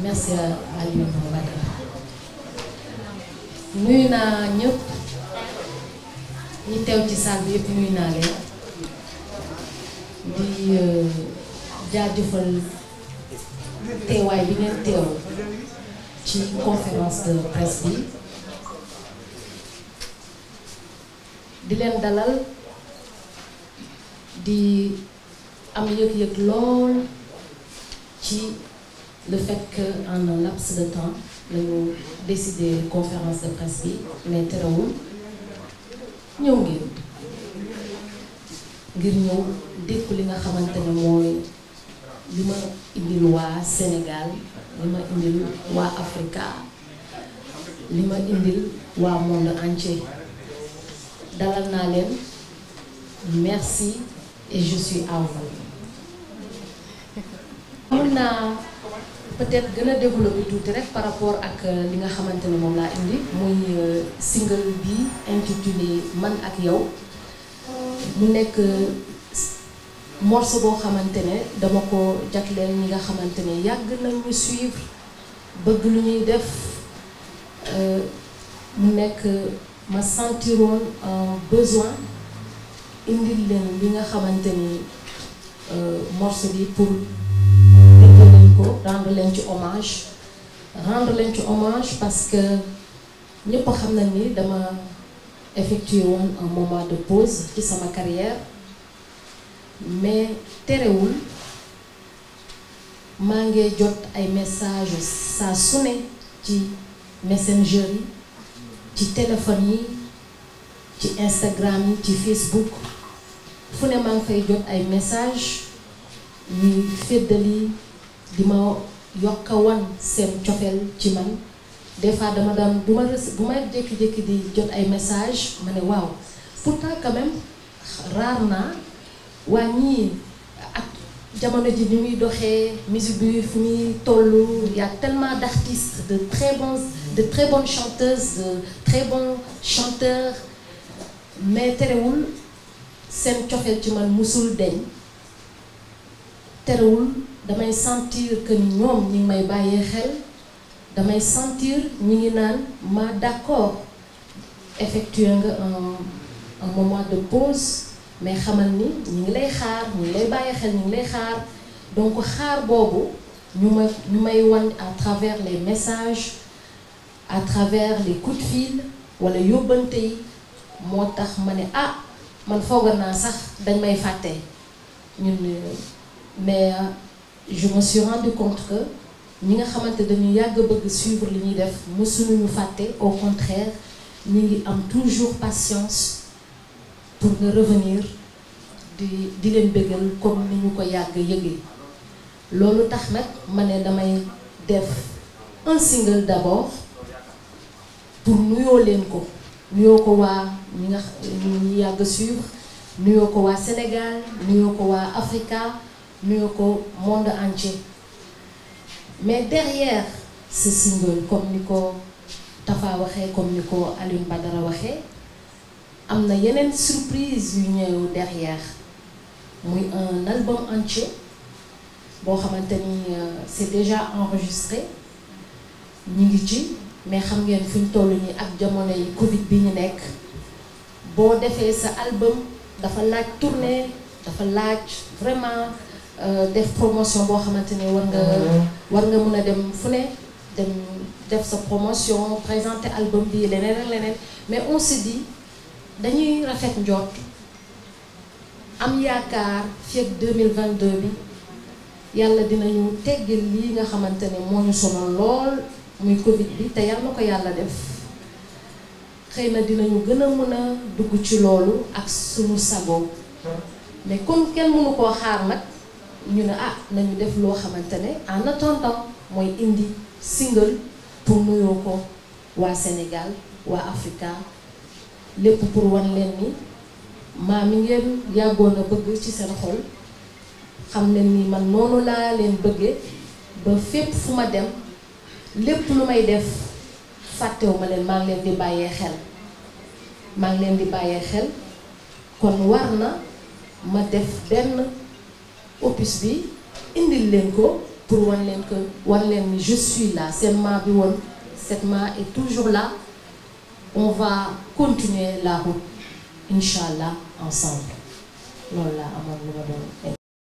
merci Aliou Mbacke nuyu naa ñëpp ñi teew ci salle bi yëpp nuyu naa leen di euh, jaajëfal teewaay bi ngeen teew ci conférence de presse di leen dalal di am yëg-yëg lool ci. le fait que en un laps de temps lañu décider conférence de presse bi mais terewul ñëw ngeen ngir ñëw dékku li nga xamante ne mooy li ma indil waa Sénégal li ma indil waa Africa li ma indil waa monde entier dalal naa leen merci et je suis mun naa. peut-être gën a développé tuuti rek par rapport ak euh, li nga xamante ne moom laa indi muy euh, single bi intitulé man ak yow mu nekk euh, morceau boo xamante ne dama ko jagleel ñi nga xamante ne yàgg nañ ñu suivre bëgg lu ñuy def mu nekk ma sentiroon un besoin indil leen li nga xamante ni morceau bi pour. ko leen ci hommage rendre leen ci hommage parce que ñëpp xam na ni dama effectué woon un moment de pause ci sama carrière mais terewul maa ngi jot ay message saa su ci messenger yi ci téléphone yi ci Instagram yi ci Facebook fu ne maa ngi fay jot ay message ñuy féddali di ma yokk seen cofeel ci man des fois dama daan bu ma rece bu ma jékki-jékki di jot ay message ma ne waaw pourtant quand même raar naa waa ñii ak jamono ji ni muy doxee musique bi fu muy toll de très bons de terewul seen cofeel ci man musul deñ terewul damay sentir que ni ñoom ñi may bàyyee xel damay sentir ñi ngi naan ma d'accord effectué nga un un moment de pause mais xamal ni ñi ngi lay xaar ñu lay bàyyi xel ñu lay xaar donc xaar boobu ñu ma ñu may wan à travers les messages à travers les coups de wala yóbbante yi moo tax ma ne ah man foogoon naa sax dañ may fàtte ñun mais. je me suis rendu compte que ñi nga xamante dañu yàgg bëgg suivre li ñuy def mësuñu ñu fàtte au contraire ñi ngi am toujours patience pour nga revenir di di leen bëggal comme ni ñu ko yàgg yëgee loolu tax nag ma ne damay def un single d'abord pour nuyoo leen ko nuyoo ko waa ñi nga ñu yàgg suivre nuyoo ko waa Sénégal nuyoo ko waa Africa nuyu ko monde entier mais derrière ce single comme ni ko dafa waxee comme ni ko Alioune Badara waxee am na yeneen surprise yu ñëw derrière muy un album entier boo xamante ni euh, c'est déjà enregistré ñu ngi ci mais xam ngeen fi ñu toll nii ak jamono yi Covid bi ñu nekk boo defee sa album dafa laaj tournée dafa laaj vraiment. Euh, def promotion boo xamante ne war nga war nga mën a dem fu ne dem def sa promotion présenter album bi leneen ak leneen mais on se di dañuy rafet njort am yaakaar fii ak 2022 bi yàlla dinañu teggil lii nga xamante ne moo ñu solo lool muy Covid bi te yàlla ko yàlla def xëy na dinañu gën a mën a dugg ci loolu ak suñu sago mais comme kenn mënu koo xaar nag. ñu ne ah nañu def loo xamante ne en attendant mooy indi single pour nuyoo ko waa Sénégal waa Africa lépp pour wan leen ni maa mi ngeen yàggoon na bëgg ci seen xol xam leen nii man noonu laa leen bëgge ba fépp fu ma dem lépp lu may def fàttewu ma leen maa ngi leen di bàyyee xel maa ngi leen di bàyyee xel kon war na ma def benn opus bi indi leen ko pour wan leen que wan leen ni je suis là seen maa bi woon cette maa est toujours là on va continuer la route incha allah ensemble loolu laa amoon lu ma doon